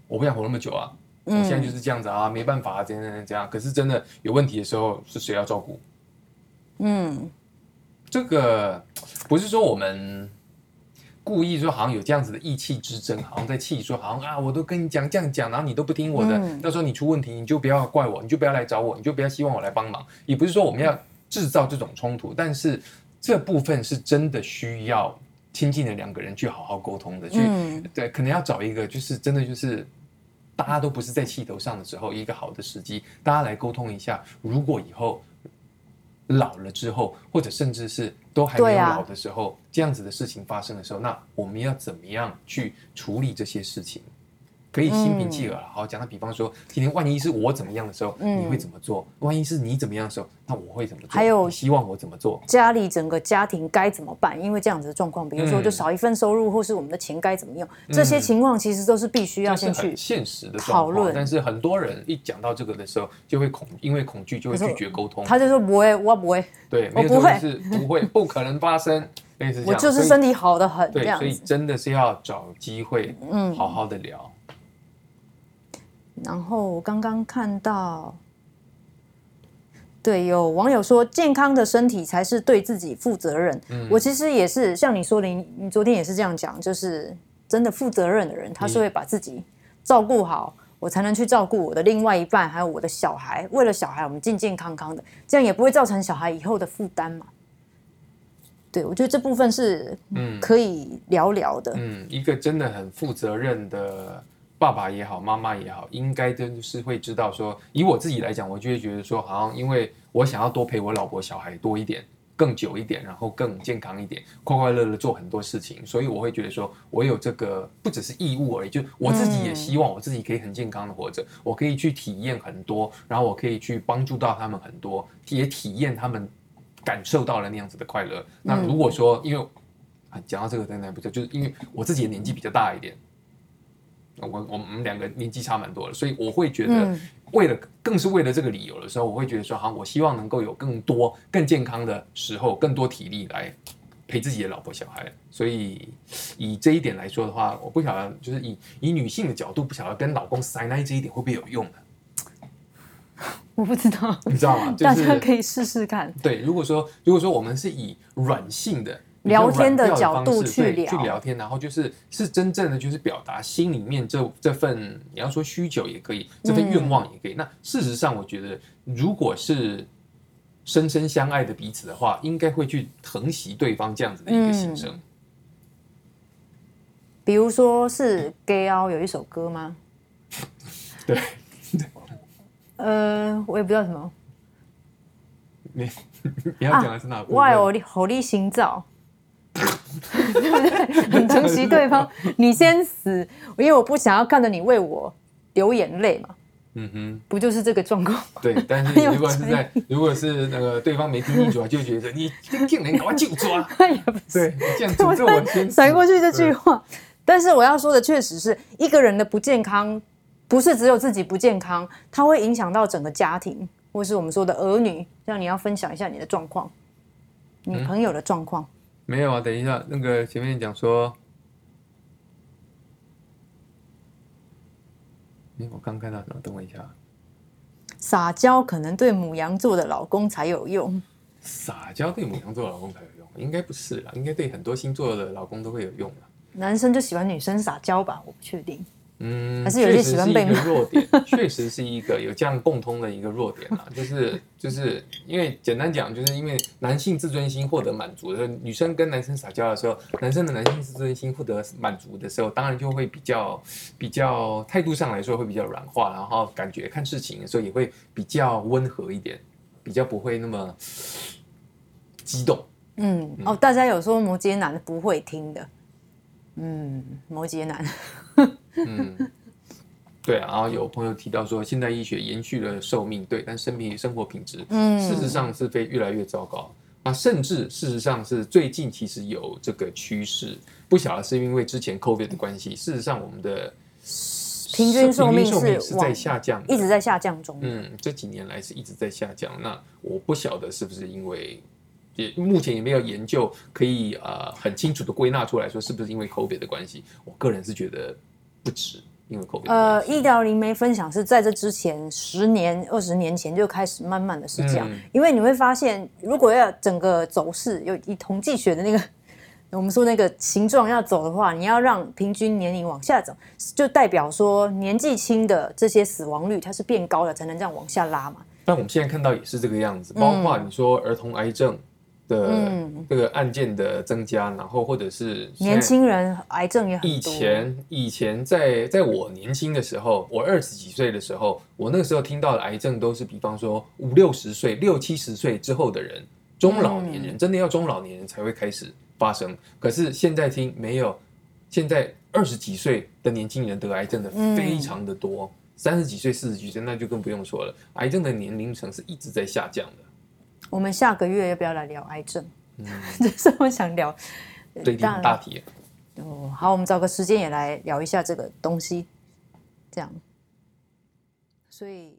我不想活那麼久啊、嗯，我現在就是這樣子啊，沒辦法啊，這樣這樣，這樣。可是真的有問題的時候，是誰要照顧？嗯。這個不是說我們故意說好像有這樣子的意氣之爭，好像在氣說好像啊，我都跟你講這樣講，然後你都不聽我的，嗯、到時候你出問題你就不要怪我，你就不要來找我，你就不要希望我來幫忙。也不是說我們要製造這種衝突，但是這部分是真的需要親近的兩個人去好好溝通的，去、嗯、對，可能要找一個就是真的就是大家都不是在氣頭上的時候，一個好的時機，大家來溝通一下。如果以後。老了之後，或者甚至是都還沒有老的時候，對啊，這樣子的事情發生的時候，那我們要怎麼樣去處理這些事情？可以心平氣和、嗯，好，講到比方說，今天萬一是我怎麼樣的時候、嗯，你會怎麼做？萬一是你怎麼樣的時候，那我會怎麼做？還有希望我怎麼做？家裡整個家庭該怎麼辦？因為這樣子的狀況，嗯、比如說就少一份收入，或是我們的錢該怎麼用？這些情況其實都是必須要先去討論，現實的討論。但是很多人一講到這個的時候，就會恐，因為恐懼就會拒絕溝通。他就說不會，我不會，對，我不會，有時候就是不會，不可能發生類似 這樣。我就是身體好的很。對，所以真的是要找機會，嗯，好好的聊。嗯嗯然後剛剛看到，對，有網友說，健康的身體才是對自己負責任。我其實也是像你說的，你昨天也是這樣講，就是真的負責任的人，他是會把自己照顧好，我才能去照顧我的另外一半，還有我的小孩。為了小孩，我們健健康康的，這樣也不會造成小孩以後的負擔嘛？對，我覺得這部分是可以聊聊的。嗯，嗯，一個真的很負責任的。爸爸也好，媽媽也好，應該真的是會知道說。說以我自己來講，我就會覺得說，好像因為我想要多陪我老婆、小孩多一點，更久一點，然後更健康一點，快快樂樂地做很多事情。所以我會覺得說，我有這個不只是義務而已，就我自己也希望我自己可以很健康的活着、嗯，我可以去體驗很多，然後我可以去幫助到他們很多，也體驗他們感受到了那樣子的快樂。那如果說因為啊，講到這個真的不錯，就是因為我自己的年紀比較大一點。我我們兩個年紀差蠻多的，所以我會覺得，為了、嗯、更是為了這個理由的時候，我會覺得說哈，我希望能夠有更多更健康的時候，更多體力來陪自己的老婆小孩。所以以這一點來說的話，我不曉得，就是以以女性的角度，不曉得跟老公塞那這一點會不會有用呢？我不知道，你知道嗎？就是、大家可以試試看。對，如果說如果說我們是以軟性的。聊天的角度去聊去聊天，然後就是是真正的就是表達心裡面這這份你要說需求也可以，這份願望也可以。嗯、那事實上，我覺得如果是深深相愛的彼此的話，應該會去疼惜對方這樣子的一個心聲、嗯。比如說是 g a y a l 有一首歌嗎？ 對？對，呃，我也不知道什麼。你 你要講的是哪部？Why、啊、我好力心照。對不對？很疼惜對方，你先死，因為我不想要看着你為我流眼淚嘛。嗯哼，不就是這個狀況嗎？嗯？ 對，但是如果是在， 如果是那個對方沒聽清楚啊，就覺得你今天沒搞完就抓、 哎不是，對，這樣總之我先甩 過去這句話。但是我要說的確實是一個人的不健康，不是只有自己不健康，它會影響到整個家庭，或是我們說的兒女。讓你要分享一下你的狀況，嗯、你朋友的狀況。沒有啊，等一下，那個前面講說，哎，我剛看到什麼？等我一下，撒嬌可能對牡羊座的老公才有用，撒嬌對牡羊座老公才有用，應該不是啦，應該對很多星座的老公都會有用啊，男生就喜歡女生撒嬌吧？我不確定。嗯，確實是一個弱點，確實是一個有這樣共通的一個弱點啦，就是就是因為簡單講，就是因為男性自尊心獲得滿足的時候，女生跟男生撒嬌的時候，男生的男性自尊心獲得滿足的時候，當然就會比較比較態度上來說會比較軟化，然後感覺看事情的時候也會比較溫和一點，比較不會那麼激動。嗯，嗯哦，大家有說摩羯男不會聽的，嗯，摩羯男。 嗯，對啊，然後有朋友提到說，現代醫學延續了壽命，對，但生命生活品質，嗯，事實上是非越來越糟糕。那、嗯啊、甚至事實上是最近其實有這個趨勢，不曉得是因為之前 COVID 的關係，事實上我們的平均壽命，壽命是在下降，一直在下降中。嗯，這幾年來是一直在下降。那我不曉得是不是因為也目前也沒有研究可以呃很清楚的歸納出來說是不是因為 COVID 的關係。我個人是覺得。不止，因為口呃，醫療靈媒分享是在這之前十年、二十年前就開始慢慢的是這樣，嗯，因為你會發現，如果要整個走勢有以統計學的那個，我們說那個形狀要走的話，你要讓平均年齡往下走，就代表說年紀輕的這些死亡率它是變高了，才能這樣往下拉嘛。但我們現在看到也是這個樣子，包括你說兒童癌症。嗯的這個案件的增加，嗯、然後或者是年輕人癌症也很多。以前以前在在我年輕的時候，我二十幾歲的時候，我那個時候聽到的癌症都是比方說五六十歲、六七十歲之後的人，中老年人、嗯、真的要中老年人才會開始發生。可是現在聽沒有，現在二十幾歲的年輕人得癌症的非常的多，嗯、三十幾歲、四十幾歲那就更不用說了。癌症的年齡層是一直在下降的。我們下個月要不要來聊癌症？嗯、 就是我想聊，對大題、哦。好，我們找個時間也來聊一下這個東西，這樣。所以。